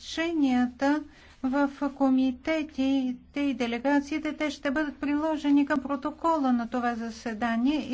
заключенията в комитетите и делегациите, те ще бъдат приложени към протокола на това заседание